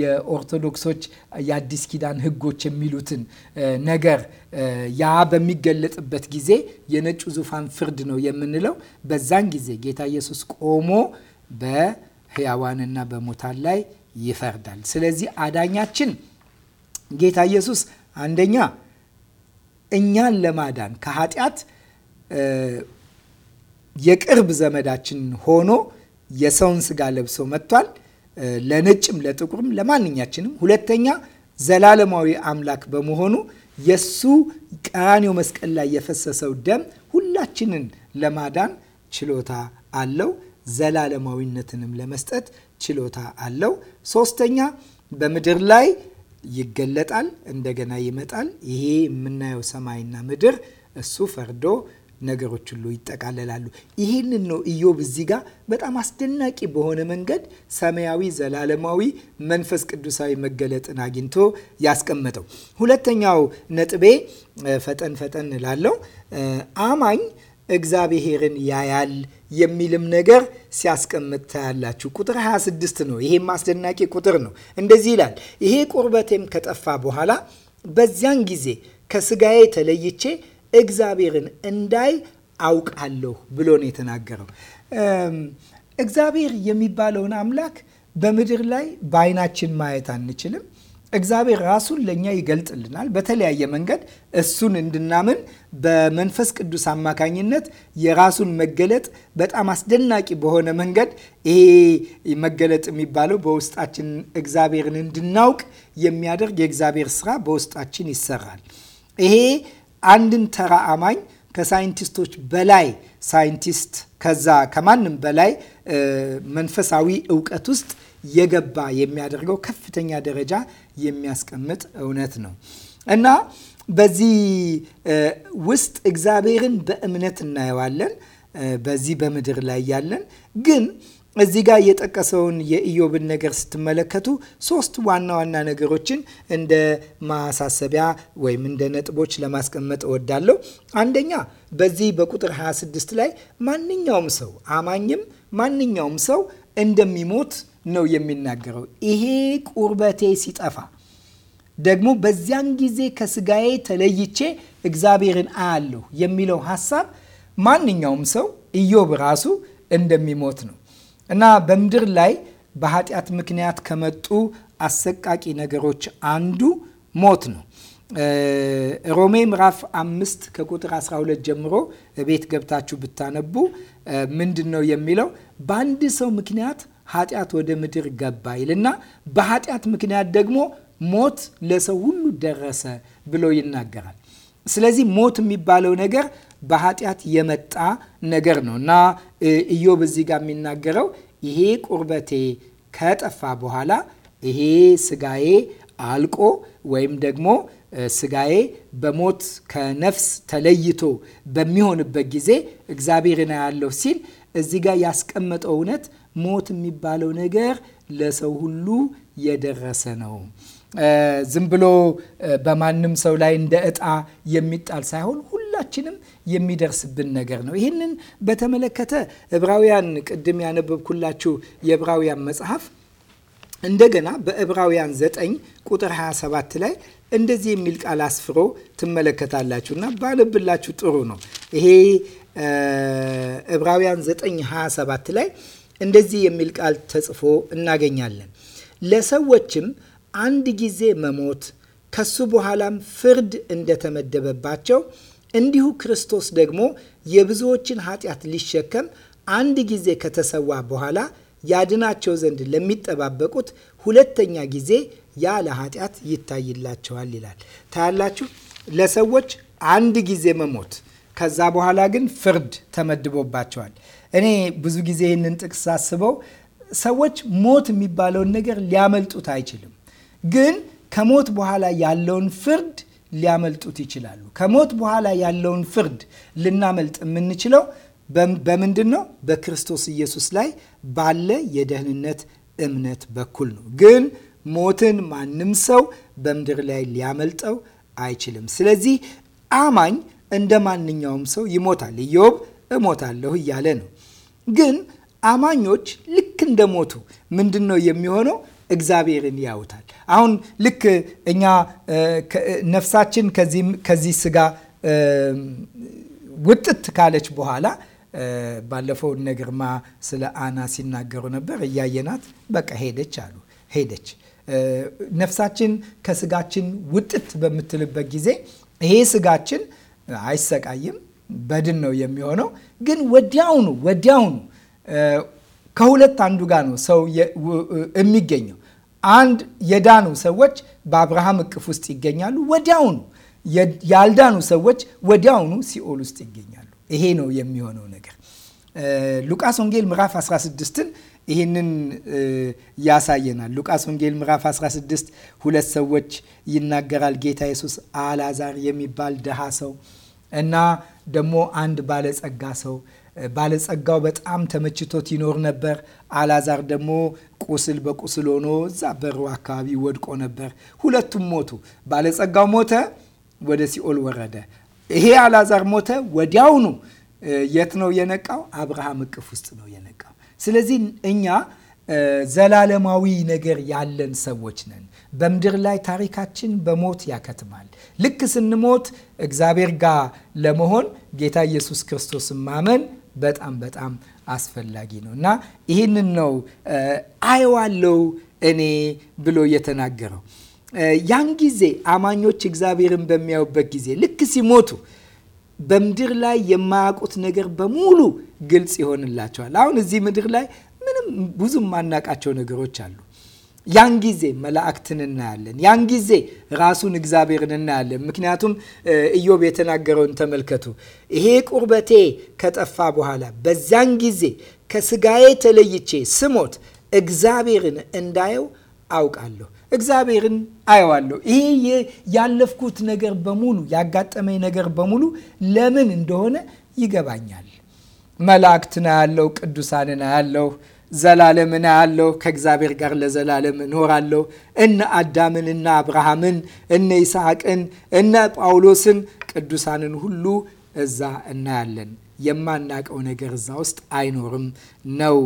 የኦርቶዶክሶች የአዲስ ኪዳን ሕጎች የሚሉትን ነገር ያ በሚገለጥበት ጊዜ የነጩ ዙፋን ፍርድ ነው የምንለው። በዛን ጊዜ ጌታ ኢየሱስ ቆሞ በሕያዋንና በሙታን ላይ ይፈርዳል። ስለዚህ አዳኛችን ጌታ ኢየሱስ አንደኛ እኛን ለማዳን ከኃጢአት የቅርብ ዘመዳችን ሆኖ የሰውን ስጋ ለብሶ መጥቷል። ለነጭም ለጥቁርም ለማንኛችንም። ሁለተኛ ዘላለማዊ አምላክ በመሆኑ የሱ ቀራኔው መስቀል ላይ የፈሰሰው ደም ሁላችንን ለማዳን ችሎታ አለው። ዘላለማዊነትንም ለመስጠት ችሎታ አለው። ሶስተኛ በምድር ላይ ይገለጣል፣ እንደገና ይመጣል። ይሄ የምናየው ሰማይና ምድር እሱ ፈርዶ ነገሮች ሁሉ ይጠቃለላሉ። ይህንን ነው ኢዮብ እዚህ ጋር በጣም አስደናቂ በሆነ መንገድ ሰማያዊ ዘላለማዊ መንፈስ ቅዱሳዊ መገለጥን አግኝቶ ያስቀመጠው። ሁለተኛው ነጥቤ ፈጠን ፈጠን ላለው አማኝ እግዚአብሔርን ያያል የሚልም ነገር ሲያስቀምጥ ታያላችሁ። ቁጥር 26 ነው። ይሄም አስደናቂ ቁጥር ነው። እንደዚህ ይላል፣ ይሄ ቁርበቴም ከጠፋ በኋላ በዚያን ጊዜ ከስጋዬ ተለይቼ እግዚአብሔርን እንዳይ አውቃለሁ ብሎ ነው የተናገረው። እግዚአብሔር የሚባለውን አምላክ በምድር ላይ በአይናችን ማየት አንችልም። እግዚአብሔር ራሱን ለእኛ ይገልጥልናል። በተለያየ መንገድ እሱን እንድናምን በመንፈስ ቅዱስ አማካኝነት የራሱን መገለጥ በጣም አስደናቂ በሆነ መንገድ ይሄ መገለጥ የሚባለው በውስጣችን እግዚአብሔርን እንድናውቅ የሚያደርግ የእግዚአብሔር ስራ በውስጣችን ይሰራል። ይሄ አንድን ተራ አማኝ ከሳይንቲስቶች በላይ ሳይንቲስት ከዛ ከማንም በላይ መንፈሳዊ እውቀት ውስጥ የገባ የሚያደርገው ከፍተኛ ደረጃ የሚያስቀምጥ እውነት ነው እና በዚህ ውስጥ እግዚአብሔርን በእምነት እናየዋለን። በዚህ በምድር ላይ ያለን ግን እዚህ ጋር የጠቀሰውን የኢዮብን ነገር ስትመለከቱ ሶስት ዋና ዋና ነገሮችን እንደ ማሳሰቢያ ወይም እንደ ነጥቦች ለማስቀመጥ እወዳለሁ። አንደኛ በዚህ በቁጥር 26 ላይ ማንኛውም ሰው አማኝም ማንኛውም ሰው እንደሚሞት ነው የሚናገረው። ይሄ ቁርበቴ ሲጠፋ ደግሞ በዚያን ጊዜ ከስጋዬ ተለይቼ እግዚአብሔርን አያለሁ የሚለው ሀሳብ ማንኛውም ሰው ኢዮብ ራሱ እንደሚሞት ነው እና በምድር ላይ በኃጢአት ምክንያት ከመጡ አሰቃቂ ነገሮች አንዱ ሞት ነው። ሮሜ ምዕራፍ አምስት ከቁጥር 12 ጀምሮ ቤት ገብታችሁ ብታነቡ ምንድን ነው የሚለው? በአንድ ሰው ምክንያት ኃጢአት ወደ ምድር ገባ ይልና በኃጢአት ምክንያት ደግሞ ሞት ለሰው ሁሉ ደረሰ ብሎ ይናገራል። ስለዚህ ሞት የሚባለው ነገር በኃጢአት የመጣ ነገር ነው እና ኢዮብ እዚህ ጋር የሚናገረው ይሄ ቁርበቴ ከጠፋ በኋላ ይሄ ስጋዬ አልቆ ወይም ደግሞ ስጋዬ በሞት ከነፍስ ተለይቶ በሚሆንበት ጊዜ እግዚአብሔርን አያለሁ ሲል እዚህ ጋር ያስቀመጠው እውነት ሞት የሚባለው ነገር ለሰው ሁሉ የደረሰ ነው። ዝም ብሎ በማንም ሰው ላይ እንደ እጣ የሚጣል ሳይሆን ሁላችንም የሚደርስብን ነገር ነው። ይህንን በተመለከተ ዕብራውያን ቅድም ያነበብኩላችሁ የዕብራውያን መጽሐፍ እንደገና በዕብራውያን 9 ቁጥር 27 ላይ እንደዚህ የሚል ቃል አስፍሮ ትመለከታላችሁ እና ባነብላችሁ ጥሩ ነው። ይሄ ዕብራውያን 9 27 ላይ እንደዚህ የሚል ቃል ተጽፎ እናገኛለን። ለሰዎችም አንድ ጊዜ መሞት ከሱ በኋላም ፍርድ እንደተመደበባቸው እንዲሁ ክርስቶስ ደግሞ የብዙዎችን ኃጢአት ሊሸከም አንድ ጊዜ ከተሰዋ በኋላ ያድናቸው ዘንድ ለሚጠባበቁት ሁለተኛ ጊዜ ያለ ኃጢአት ይታይላቸዋል ይላል። ታያላችሁ። ለሰዎች አንድ ጊዜ መሞት ከዛ በኋላ ግን ፍርድ ተመድቦባቸዋል። እኔ ብዙ ጊዜ ይህንን ጥቅስ ሳስበው ሰዎች ሞት የሚባለውን ነገር ሊያመልጡት አይችልም፣ ግን ከሞት በኋላ ያለውን ፍርድ ሊያመልጡት ይችላሉ። ከሞት በኋላ ያለውን ፍርድ ልናመልጥ የምንችለው በምንድን ነው? በክርስቶስ ኢየሱስ ላይ ባለ የደህንነት እምነት በኩል ነው። ግን ሞትን ማንም ሰው በምድር ላይ ሊያመልጠው አይችልም። ስለዚህ አማኝ እንደ ማንኛውም ሰው ይሞታል። ኢዮብ እሞታለሁ እያለ ነው። ግን አማኞች ልክ እንደሞቱ ምንድን ነው የሚሆነው? እግዚአብሔርን ያውታል። አሁን ልክ እኛ ነፍሳችን ከዚህ ስጋ ውጥት ካለች በኋላ ባለፈው ነግርማ ስለ አና ሲናገሩ ነበር። እያየናት በቃ ሄደች አሉ ሄደች። ነፍሳችን ከስጋችን ውጥት በምትልበት ጊዜ ይሄ ስጋችን አይሰቃይም በድን ነው የሚሆነው። ግን ወዲያውኑ ወዲያውኑ ከሁለት አንዱ ጋር ነው ሰው የሚገኘው። አንድ የዳኑ ሰዎች በአብርሃም እቅፍ ውስጥ ይገኛሉ። ወዲያውኑ ያልዳኑ ሰዎች ወዲያውኑ ሲኦል ውስጥ ይገኛሉ። ይሄ ነው የሚሆነው ነገር። ሉቃስ ወንጌል ምዕራፍ 16ን ይህንን ያሳየናል። ሉቃስ ወንጌል ምዕራፍ 16 ሁለት ሰዎች ይናገራል ጌታ ኢየሱስ አልዓዛር የሚባል ድሃ ሰው እና ደግሞ አንድ ባለጸጋ ሰው ባለጸጋው በጣም ተመችቶት ይኖር ነበር። አላዛር ደግሞ ቁስል በቁስል ሆኖ እዛ በሩ አካባቢ ወድቆ ነበር። ሁለቱም ሞቱ። ባለጸጋው ሞተ፣ ወደ ሲኦል ወረደ። ይሄ አላዛር ሞተ። ወዲያውኑ የት ነው የነቃው? አብርሃም እቅፍ ውስጥ ነው የነቃው። ስለዚህ እኛ ዘላለማዊ ነገር ያለን ሰዎች ነን። በምድር ላይ ታሪካችን በሞት ያከትማል። ልክ ስንሞት እግዚአብሔር ጋር ለመሆን ጌታ ኢየሱስ ክርስቶስን ማመን በጣም በጣም አስፈላጊ ነው እና ይህንን ነው አየዋለው እኔ ብሎ የተናገረው። ያን ጊዜ አማኞች እግዚአብሔርን በሚያዩበት ጊዜ ልክ ሲሞቱ በምድር ላይ የማያውቁት ነገር በሙሉ ግልጽ ይሆንላቸዋል። አሁን እዚህ ምድር ላይ ምንም ብዙ የማናቃቸው ነገሮች አሉ ያን ጊዜ መላእክትን እናያለን። ያን ጊዜ ራሱን እግዚአብሔርን እናያለን። ምክንያቱም ኢዮብ የተናገረውን ተመልከቱ። ይሄ ቁርበቴ ከጠፋ በኋላ በዛን ጊዜ ከስጋዬ ተለይቼ ስሞት እግዚአብሔርን እንዳየው አውቃለሁ። እግዚአብሔርን አየዋለሁ። ይሄ ያለፍኩት ነገር በሙሉ ያጋጠመኝ ነገር በሙሉ ለምን እንደሆነ ይገባኛል። መላእክትን አያለሁ፣ ቅዱሳንን አያለሁ ዘላለም እና ያለው ከእግዚአብሔር ጋር ለዘላለም እኖራለሁ። እነ አዳምን እነ አብርሃምን እነ ይስሐቅን እነ ጳውሎስን ቅዱሳንን ሁሉ እዛ እናያለን። የማናቀው ነገር እዛ ውስጥ አይኖርም ነው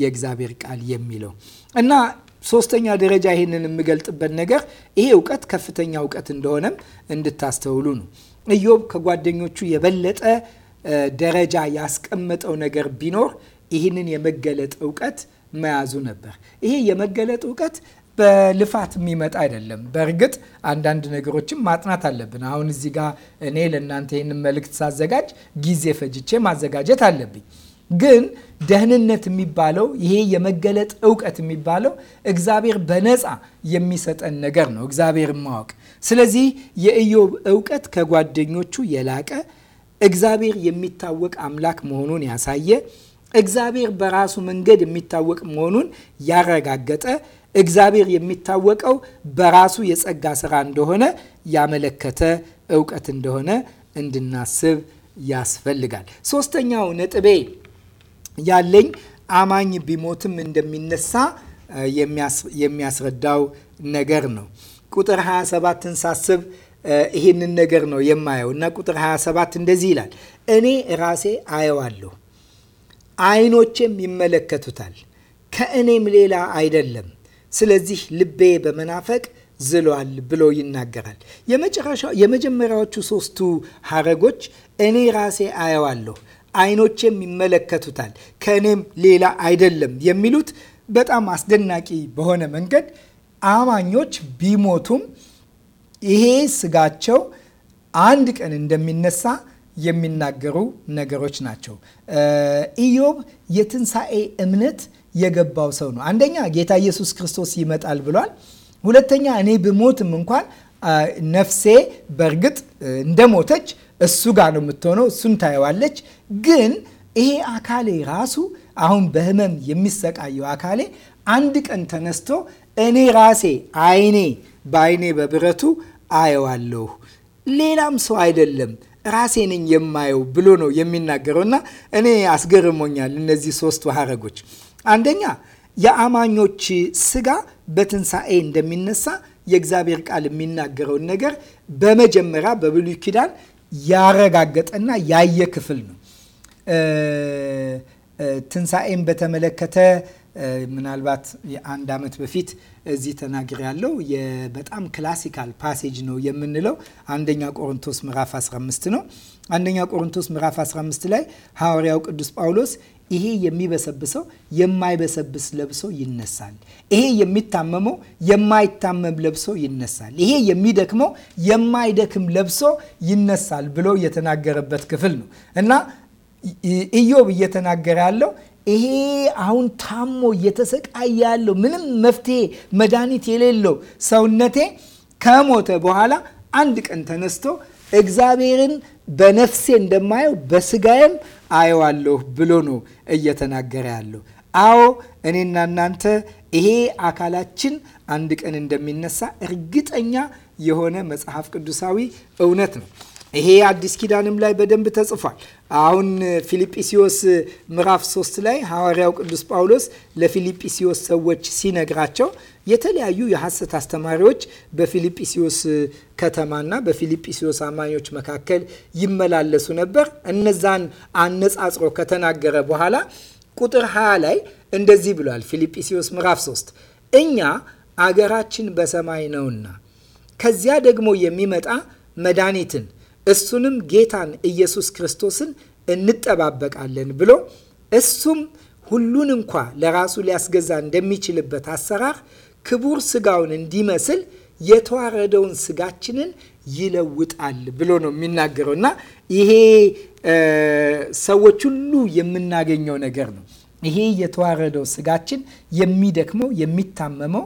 የእግዚአብሔር ቃል የሚለው እና ሶስተኛ ደረጃ ይህንን የምገልጥበት ነገር ይሄ እውቀት ከፍተኛ እውቀት እንደሆነም እንድታስተውሉ ነው። እዮብ ከጓደኞቹ የበለጠ ደረጃ ያስቀመጠው ነገር ቢኖር ይህንን የመገለጥ እውቀት መያዙ ነበር። ይሄ የመገለጥ እውቀት በልፋት የሚመጣ አይደለም። በእርግጥ አንዳንድ ነገሮችን ማጥናት አለብን። አሁን እዚህ ጋር እኔ ለእናንተ ይህንን መልእክት ሳዘጋጅ ጊዜ ፈጅቼ ማዘጋጀት አለብኝ። ግን ደህንነት የሚባለው ይሄ የመገለጥ እውቀት የሚባለው እግዚአብሔር በነፃ የሚሰጠን ነገር ነው፣ እግዚአብሔርን ማወቅ። ስለዚህ የኢዮብ እውቀት ከጓደኞቹ የላቀ እግዚአብሔር የሚታወቅ አምላክ መሆኑን ያሳየ እግዚአብሔር በራሱ መንገድ የሚታወቅ መሆኑን ያረጋገጠ እግዚአብሔር የሚታወቀው በራሱ የጸጋ ስራ እንደሆነ ያመለከተ እውቀት እንደሆነ እንድናስብ ያስፈልጋል። ሶስተኛው ነጥቤ ያለኝ አማኝ ቢሞትም እንደሚነሳ የሚያስረዳው ነገር ነው። ቁጥር 27ን ሳስብ ይህንን ነገር ነው የማየው እና ቁጥር 27 እንደዚህ ይላል፣ እኔ ራሴ አየዋለሁ አይኖቼም ይመለከቱታል፣ ከእኔም ሌላ አይደለም። ስለዚህ ልቤ በመናፈቅ ዝሏል ብሎ ይናገራል። የመጀመሪያዎቹ ሶስቱ ሐረጎች እኔ ራሴ አየዋለሁ፣ አይኖቼም ይመለከቱታል፣ ከእኔም ሌላ አይደለም የሚሉት በጣም አስደናቂ በሆነ መንገድ አማኞች ቢሞቱም ይሄ ስጋቸው አንድ ቀን እንደሚነሳ የሚናገሩ ነገሮች ናቸው። ኢዮብ የትንሣኤ እምነት የገባው ሰው ነው። አንደኛ ጌታ ኢየሱስ ክርስቶስ ይመጣል ብሏል። ሁለተኛ እኔ ብሞትም እንኳን ነፍሴ በእርግጥ እንደሞተች እሱ ጋር ነው የምትሆነው፣ እሱን ታየዋለች። ግን ይሄ አካሌ ራሱ አሁን በህመም የሚሰቃየው አካሌ አንድ ቀን ተነስቶ እኔ ራሴ አይኔ በአይኔ በብረቱ አየዋለሁ ሌላም ሰው አይደለም ራሴ ነኝ የማየው ብሎ ነው የሚናገረው እና እኔ አስገርሞኛል እነዚህ ሶስቱ ሀረጎች አንደኛ የአማኞች ስጋ በትንሣኤ እንደሚነሳ የእግዚአብሔር ቃል የሚናገረውን ነገር በመጀመሪያ በብሉይ ኪዳን ያረጋገጠና ያየ ክፍል ነው። ትንሣኤን በተመለከተ ምናልባት አንድ ዓመት በፊት እዚህ ተናግር ያለው በጣም ክላሲካል ፓሴጅ ነው የምንለው አንደኛ ቆሮንቶስ ምዕራፍ 15 ነው። አንደኛ ቆሮንቶስ ምዕራፍ 15 ላይ ሐዋርያው ቅዱስ ጳውሎስ ይሄ የሚበሰብሰው የማይበሰብስ ለብሶ ይነሳል። ይሄ የሚታመመው የማይታመም ለብሶ ይነሳል። ይሄ የሚደክመው የማይደክም ለብሶ ይነሳል ብሎ የተናገረበት ክፍል ነው እና ኢዮብ እየተናገረ ያለው ይሄ አሁን ታሞ እየተሰቃየ ያለው ምንም መፍትሄ መድኃኒት የሌለው ሰውነቴ ከሞተ በኋላ አንድ ቀን ተነስቶ እግዚአብሔርን በነፍሴ እንደማየው በስጋዬም አየዋለሁ ብሎ ነው እየተናገረ ያለው። አዎ እኔና እናንተ ይሄ አካላችን አንድ ቀን እንደሚነሳ እርግጠኛ የሆነ መጽሐፍ ቅዱሳዊ እውነት ነው። ይሄ አዲስ ኪዳንም ላይ በደንብ ተጽፏል። አሁን ፊልጵስዮስ ምዕራፍ 3 ላይ ሐዋርያው ቅዱስ ጳውሎስ ለፊልጵስዮስ ሰዎች ሲነግራቸው የተለያዩ የሐሰት አስተማሪዎች በፊልጵስዮስ ከተማና በፊልጵስዮስ አማኞች መካከል ይመላለሱ ነበር። እነዛን አነጻጽሮ ከተናገረ በኋላ ቁጥር 20 ላይ እንደዚህ ብሏል። ፊልጵስዮስ ምዕራፍ 3 እኛ አገራችን በሰማይ ነውና ከዚያ ደግሞ የሚመጣ መድኃኒትን እሱንም ጌታን ኢየሱስ ክርስቶስን እንጠባበቃለን ብሎ እሱም ሁሉን እንኳ ለራሱ ሊያስገዛ እንደሚችልበት አሰራር ክቡር ስጋውን እንዲመስል የተዋረደውን ስጋችንን ይለውጣል ብሎ ነው የሚናገረው እና ይሄ ሰዎች ሁሉ የምናገኘው ነገር ነው። ይሄ የተዋረደው ስጋችን የሚደክመው የሚታመመው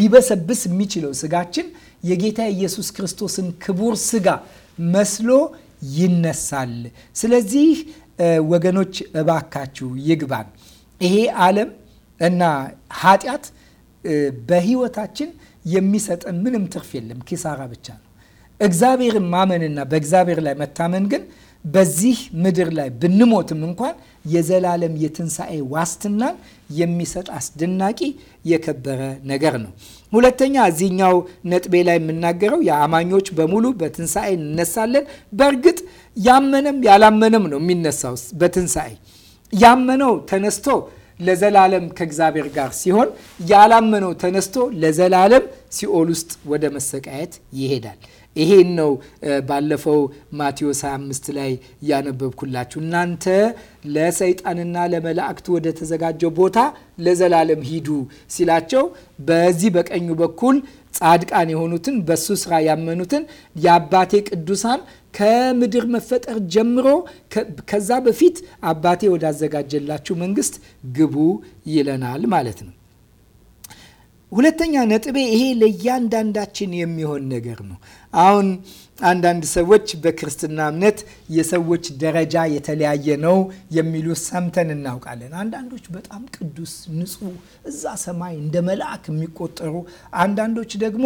ሊበሰብስ የሚችለው ስጋችን የጌታ ኢየሱስ ክርስቶስን ክቡር ስጋ መስሎ ይነሳል። ስለዚህ ወገኖች እባካችሁ ይግባን። ይሄ ዓለም እና ኃጢአት በህይወታችን የሚሰጠን ምንም ትርፍ የለም፣ ኪሳራ ብቻ ነው። እግዚአብሔርን ማመንና በእግዚአብሔር ላይ መታመን ግን በዚህ ምድር ላይ ብንሞትም እንኳን የዘላለም የትንሣኤ ዋስትናን የሚሰጥ አስደናቂ የከበረ ነገር ነው። ሁለተኛ እዚህኛው ነጥቤ ላይ የምናገረው የአማኞች በሙሉ በትንሣኤ እንነሳለን። በእርግጥ ያመነም ያላመነም ነው የሚነሳው በትንሣኤ ያመነው ተነስቶ ለዘላለም ከእግዚአብሔር ጋር ሲሆን ያላመነው ተነስቶ ለዘላለም ሲኦል ውስጥ ወደ መሰቃየት ይሄዳል። ይሄን ነው ባለፈው ማቴዎስ 25 ላይ ያነበብኩላችሁ። እናንተ ለሰይጣንና ለመላእክት ወደ ተዘጋጀው ቦታ ለዘላለም ሂዱ ሲላቸው በዚህ በቀኙ በኩል ጻድቃን የሆኑትን በሱ ስራ ያመኑትን የአባቴ ቅዱሳን ከምድር መፈጠር ጀምሮ ከዛ በፊት አባቴ ወዳዘጋጀላችሁ መንግስት ግቡ ይለናል ማለት ነው። ሁለተኛ ነጥቤ ይሄ ለእያንዳንዳችን የሚሆን ነገር ነው። አሁን አንዳንድ ሰዎች በክርስትና እምነት የሰዎች ደረጃ የተለያየ ነው የሚሉ ሰምተን እናውቃለን። አንዳንዶች በጣም ቅዱስ፣ ንጹህ፣ እዛ ሰማይ እንደ መልአክ የሚቆጠሩ አንዳንዶች ደግሞ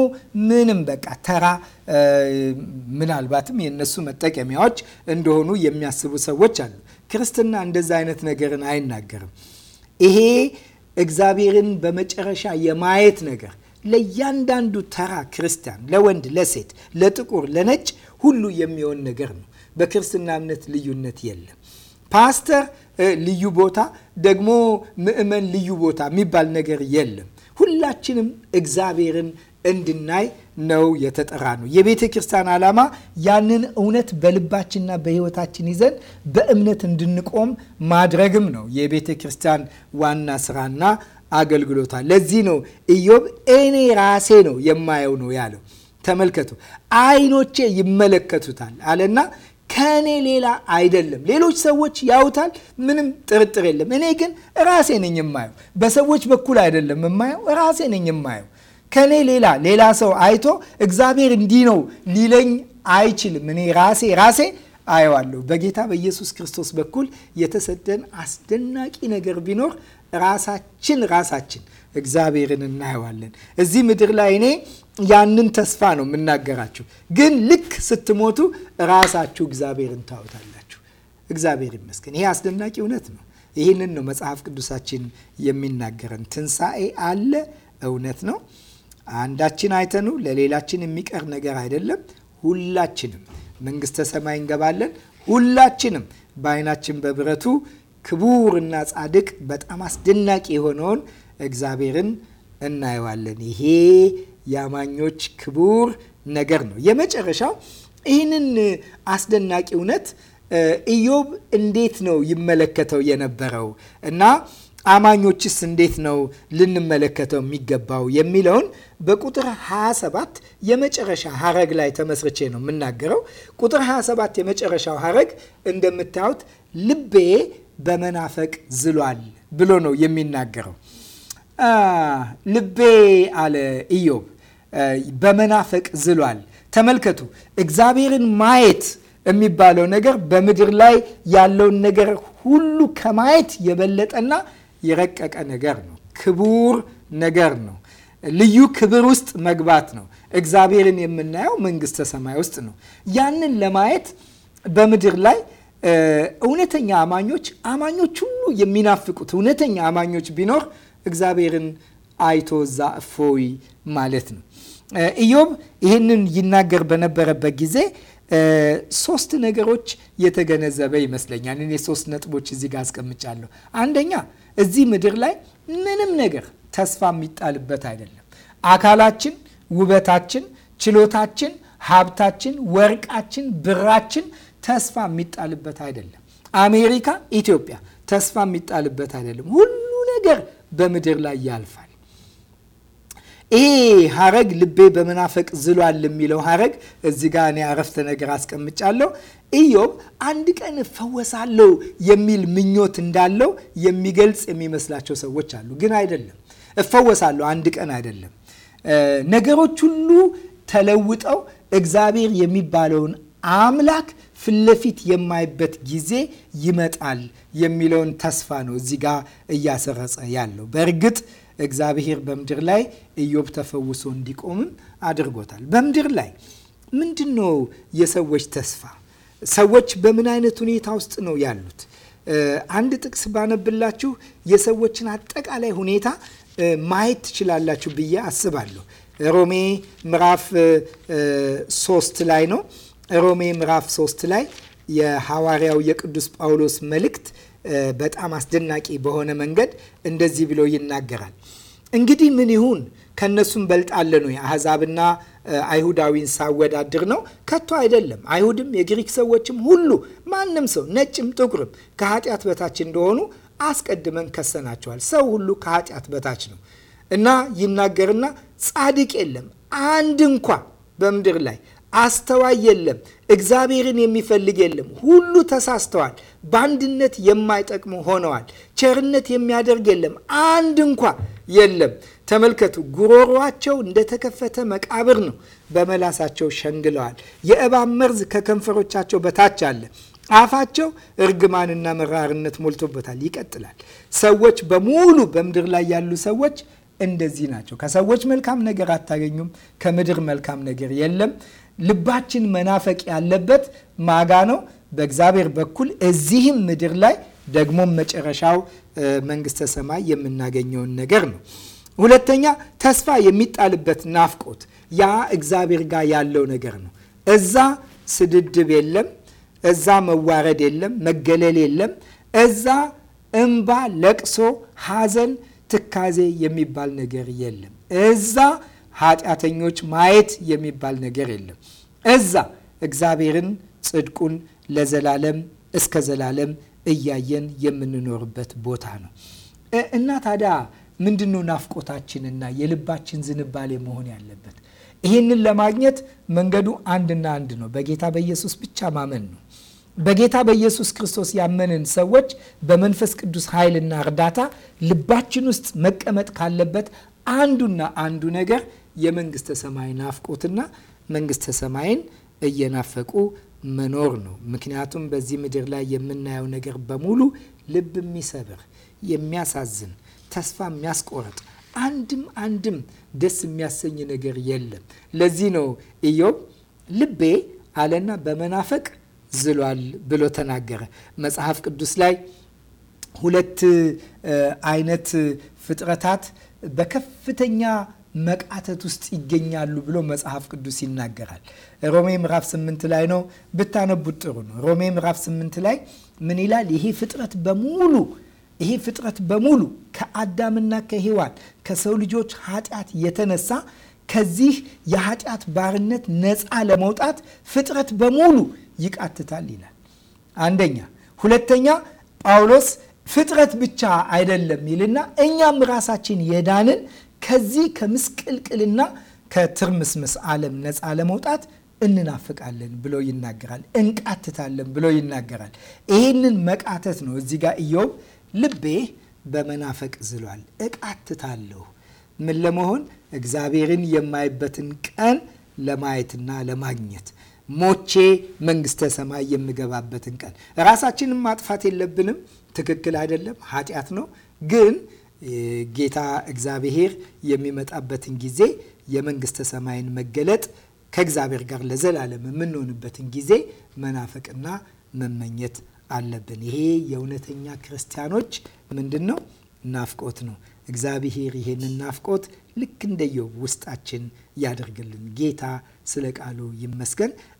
ምንም በቃ ተራ ምናልባትም የነሱ መጠቀሚያዎች እንደሆኑ የሚያስቡ ሰዎች አሉ። ክርስትና እንደዛ አይነት ነገርን አይናገርም። ይሄ እግዚአብሔርን በመጨረሻ የማየት ነገር ለእያንዳንዱ ተራ ክርስቲያን፣ ለወንድ፣ ለሴት፣ ለጥቁር፣ ለነጭ ሁሉ የሚሆን ነገር ነው። በክርስትና እምነት ልዩነት የለም። ፓስተር ልዩ ቦታ ደግሞ ምእመን ልዩ ቦታ የሚባል ነገር የለም። ሁላችንም እግዚአብሔርን እንድናይ ነው የተጠራ ነው። የቤተ ክርስቲያን ዓላማ ያንን እውነት በልባችንና በሕይወታችን ይዘን በእምነት እንድንቆም ማድረግም ነው የቤተ ክርስቲያን ዋና ስራና አገልግሎታ። ለዚህ ነው ኢዮብ እኔ ራሴ ነው የማየው ነው ያለው። ተመልከቱ፣ አይኖቼ ይመለከቱታል አለና ከእኔ ሌላ አይደለም። ሌሎች ሰዎች ያዩታል፣ ምንም ጥርጥር የለም። እኔ ግን ራሴ ነኝ የማየው። በሰዎች በኩል አይደለም የማየው፣ ራሴ ነኝ የማየው ከኔ ሌላ ሌላ ሰው አይቶ እግዚአብሔር እንዲህ ነው ሊለኝ አይችልም። እኔ ራሴ ራሴ አየዋለሁ። በጌታ በኢየሱስ ክርስቶስ በኩል የተሰደን አስደናቂ ነገር ቢኖር ራሳችን ራሳችን እግዚአብሔርን እናየዋለን። እዚህ ምድር ላይ እኔ ያንን ተስፋ ነው የምናገራችሁ። ግን ልክ ስትሞቱ ራሳችሁ እግዚአብሔርን ታወታላችሁ። እግዚአብሔር ይመስገን። ይሄ አስደናቂ እውነት ነው። ይህንን ነው መጽሐፍ ቅዱሳችን የሚናገረን። ትንሣኤ አለ፣ እውነት ነው። አንዳችን አይተኑ ለሌላችን የሚቀር ነገር አይደለም። ሁላችንም መንግስተ ሰማይ እንገባለን። ሁላችንም በአይናችን በብረቱ ክቡርና ጻድቅ በጣም አስደናቂ የሆነውን እግዚአብሔርን እናየዋለን። ይሄ የአማኞች ክቡር ነገር ነው። የመጨረሻው ይህንን አስደናቂ እውነት ኢዮብ እንዴት ነው ይመለከተው የነበረው እና አማኞችስ እንዴት ነው ልንመለከተው የሚገባው የሚለውን በቁጥር 27 የመጨረሻ ሀረግ ላይ ተመስርቼ ነው የምናገረው። ቁጥር 27 የመጨረሻው ሀረግ እንደምታዩት ልቤ በመናፈቅ ዝሏል ብሎ ነው የሚናገረው። ልቤ አለ ኢዮብ በመናፈቅ ዝሏል። ተመልከቱ እግዚአብሔርን ማየት የሚባለው ነገር በምድር ላይ ያለውን ነገር ሁሉ ከማየት የበለጠና የረቀቀ ነገር ነው። ክቡር ነገር ነው። ልዩ ክብር ውስጥ መግባት ነው። እግዚአብሔርን የምናየው መንግስተ ሰማይ ውስጥ ነው። ያንን ለማየት በምድር ላይ እውነተኛ አማኞች አማኞች ሁሉ የሚናፍቁት እውነተኛ አማኞች ቢኖር እግዚአብሔርን አይቶ እዛ እፎይ ማለት ነው። ኢዮብ ይህንን ይናገር በነበረበት ጊዜ ሶስት ነገሮች የተገነዘበ ይመስለኛል። እኔ ሶስት ነጥቦች እዚህ ጋር አስቀምጫለሁ። አንደኛ እዚህ ምድር ላይ ምንም ነገር ተስፋ የሚጣልበት አይደለም። አካላችን፣ ውበታችን፣ ችሎታችን፣ ሀብታችን፣ ወርቃችን፣ ብራችን ተስፋ የሚጣልበት አይደለም። አሜሪካ፣ ኢትዮጵያ ተስፋ የሚጣልበት አይደለም። ሁሉ ነገር በምድር ላይ ያልፋል። ይሄ ሀረግ ልቤ በመናፈቅ ዝሏል የሚለው ሀረግ እዚህ ጋ እኔ አረፍተ ነገር አስቀምጫለሁ። ኢዮብ አንድ ቀን እፈወሳለሁ የሚል ምኞት እንዳለው የሚገልጽ የሚመስላቸው ሰዎች አሉ። ግን አይደለም። እፈወሳለሁ አንድ ቀን አይደለም። ነገሮች ሁሉ ተለውጠው እግዚአብሔር የሚባለውን አምላክ ፊት ለፊት የማይበት ጊዜ ይመጣል የሚለውን ተስፋ ነው እዚህ ጋ እያሰረጸ ያለው በእርግጥ እግዚአብሔር በምድር ላይ ኢዮብ ተፈውሶ እንዲቆምም አድርጎታል። በምድር ላይ ምንድን ነው የሰዎች ተስፋ? ሰዎች በምን አይነት ሁኔታ ውስጥ ነው ያሉት? አንድ ጥቅስ ባነብላችሁ የሰዎችን አጠቃላይ ሁኔታ ማየት ትችላላችሁ ብዬ አስባለሁ። ሮሜ ምዕራፍ ሶስት ላይ ነው። ሮሜ ምዕራፍ ሶስት ላይ የሐዋርያው የቅዱስ ጳውሎስ መልእክት በጣም አስደናቂ በሆነ መንገድ እንደዚህ ብሎ ይናገራል። እንግዲህ ምን ይሁን? ከእነሱም በልጣለን ወይ? አህዛብና አይሁዳዊን ሳወዳድር ነው? ከቶ አይደለም። አይሁድም የግሪክ ሰዎችም ሁሉ ማንም ሰው ነጭም ጥቁርም ከኃጢአት በታች እንደሆኑ አስቀድመን ከሰናቸዋል። ሰው ሁሉ ከኃጢአት በታች ነው እና ይናገርና ጻድቅ የለም አንድ እንኳ በምድር ላይ አስተዋይ የለም። እግዚአብሔርን የሚፈልግ የለም። ሁሉ ተሳስተዋል። በአንድነት የማይጠቅሙ ሆነዋል። ቸርነት የሚያደርግ የለም። አንድ እንኳ የለም። ተመልከቱ፣ ጉሮሯቸው እንደተከፈተ መቃብር ነው። በመላሳቸው ሸንግለዋል። የእባብ መርዝ ከከንፈሮቻቸው በታች አለ። አፋቸው እርግማንና መራርነት ሞልቶበታል። ይቀጥላል። ሰዎች በሙሉ በምድር ላይ ያሉ ሰዎች እንደዚህ ናቸው። ከሰዎች መልካም ነገር አታገኙም። ከምድር መልካም ነገር የለም። ልባችን መናፈቅ ያለበት ማጋ ነው በእግዚአብሔር በኩል እዚህም ምድር ላይ ደግሞ መጨረሻው መንግስተ ሰማይ የምናገኘውን ነገር ነው። ሁለተኛ ተስፋ የሚጣልበት ናፍቆት፣ ያ እግዚአብሔር ጋር ያለው ነገር ነው። እዛ ስድድብ የለም፣ እዛ መዋረድ የለም፣ መገለል የለም። እዛ እምባ፣ ለቅሶ፣ ሐዘን፣ ትካዜ የሚባል ነገር የለም። እዛ ኃጢአተኞች ማየት የሚባል ነገር የለም። እዛ እግዚአብሔርን ጽድቁን ለዘላለም እስከ ዘላለም እያየን የምንኖርበት ቦታ ነው እና ታዲያ ምንድን ነው ናፍቆታችንና የልባችን ዝንባሌ መሆን ያለበት? ይህንን ለማግኘት መንገዱ አንድና አንድ ነው። በጌታ በኢየሱስ ብቻ ማመን ነው። በጌታ በኢየሱስ ክርስቶስ ያመንን ሰዎች በመንፈስ ቅዱስ ኃይልና እርዳታ ልባችን ውስጥ መቀመጥ ካለበት አንዱና አንዱ ነገር የመንግስተ ሰማይ ናፍቆትና መንግስተ ሰማይን እየናፈቁ መኖር ነው። ምክንያቱም በዚህ ምድር ላይ የምናየው ነገር በሙሉ ልብ የሚሰብር የሚያሳዝን፣ ተስፋ የሚያስቆረጥ አንድም አንድም ደስ የሚያሰኝ ነገር የለም። ለዚህ ነው ኢዮብ ልቤ አለና በመናፈቅ ዝሏል ብሎ ተናገረ። መጽሐፍ ቅዱስ ላይ ሁለት አይነት ፍጥረታት በከፍተኛ መቃተት ውስጥ ይገኛሉ ብሎ መጽሐፍ ቅዱስ ይናገራል። ሮሜ ምዕራፍ 8 ላይ ነው ብታነቡት ጥሩ ነው። ሮሜ ምዕራፍ 8 ላይ ምን ይላል? ይሄ ፍጥረት በሙሉ ይሄ ፍጥረት በሙሉ ከአዳምና ከሔዋን ከሰው ልጆች ኃጢአት የተነሳ ከዚህ የኃጢአት ባርነት ነፃ ለመውጣት ፍጥረት በሙሉ ይቃትታል ይላል። አንደኛ። ሁለተኛ ጳውሎስ ፍጥረት ብቻ አይደለም ይልና እኛም ራሳችን የዳንን ከዚህ ከምስቅልቅልና ከትርምስምስ ዓለም ነፃ ለመውጣት እንናፍቃለን ብሎ ይናገራል። እንቃትታለን ብሎ ይናገራል። ይህንን መቃተት ነው እዚህ ጋር እዮብ ልቤ በመናፈቅ ዝሏል፣ እቃትታለሁ ምን ለመሆን እግዚአብሔርን የማይበትን ቀን ለማየትና ለማግኘት ሞቼ መንግስተ ሰማይ የምገባበትን ቀን። ራሳችንን ማጥፋት የለብንም። ትክክል አይደለም፣ ኃጢአት ነው። ግን ጌታ እግዚአብሔር የሚመጣበትን ጊዜ የመንግስተ ሰማይን መገለጥ ከእግዚአብሔር ጋር ለዘላለም የምንሆንበትን ጊዜ መናፈቅና መመኘት አለብን። ይሄ የእውነተኛ ክርስቲያኖች ምንድን ነው? ናፍቆት ነው። እግዚአብሔር ይሄንን ናፍቆት ልክ እንደየው ውስጣችን ያደርግልን። ጌታ ስለ ቃሉ ይመስገን።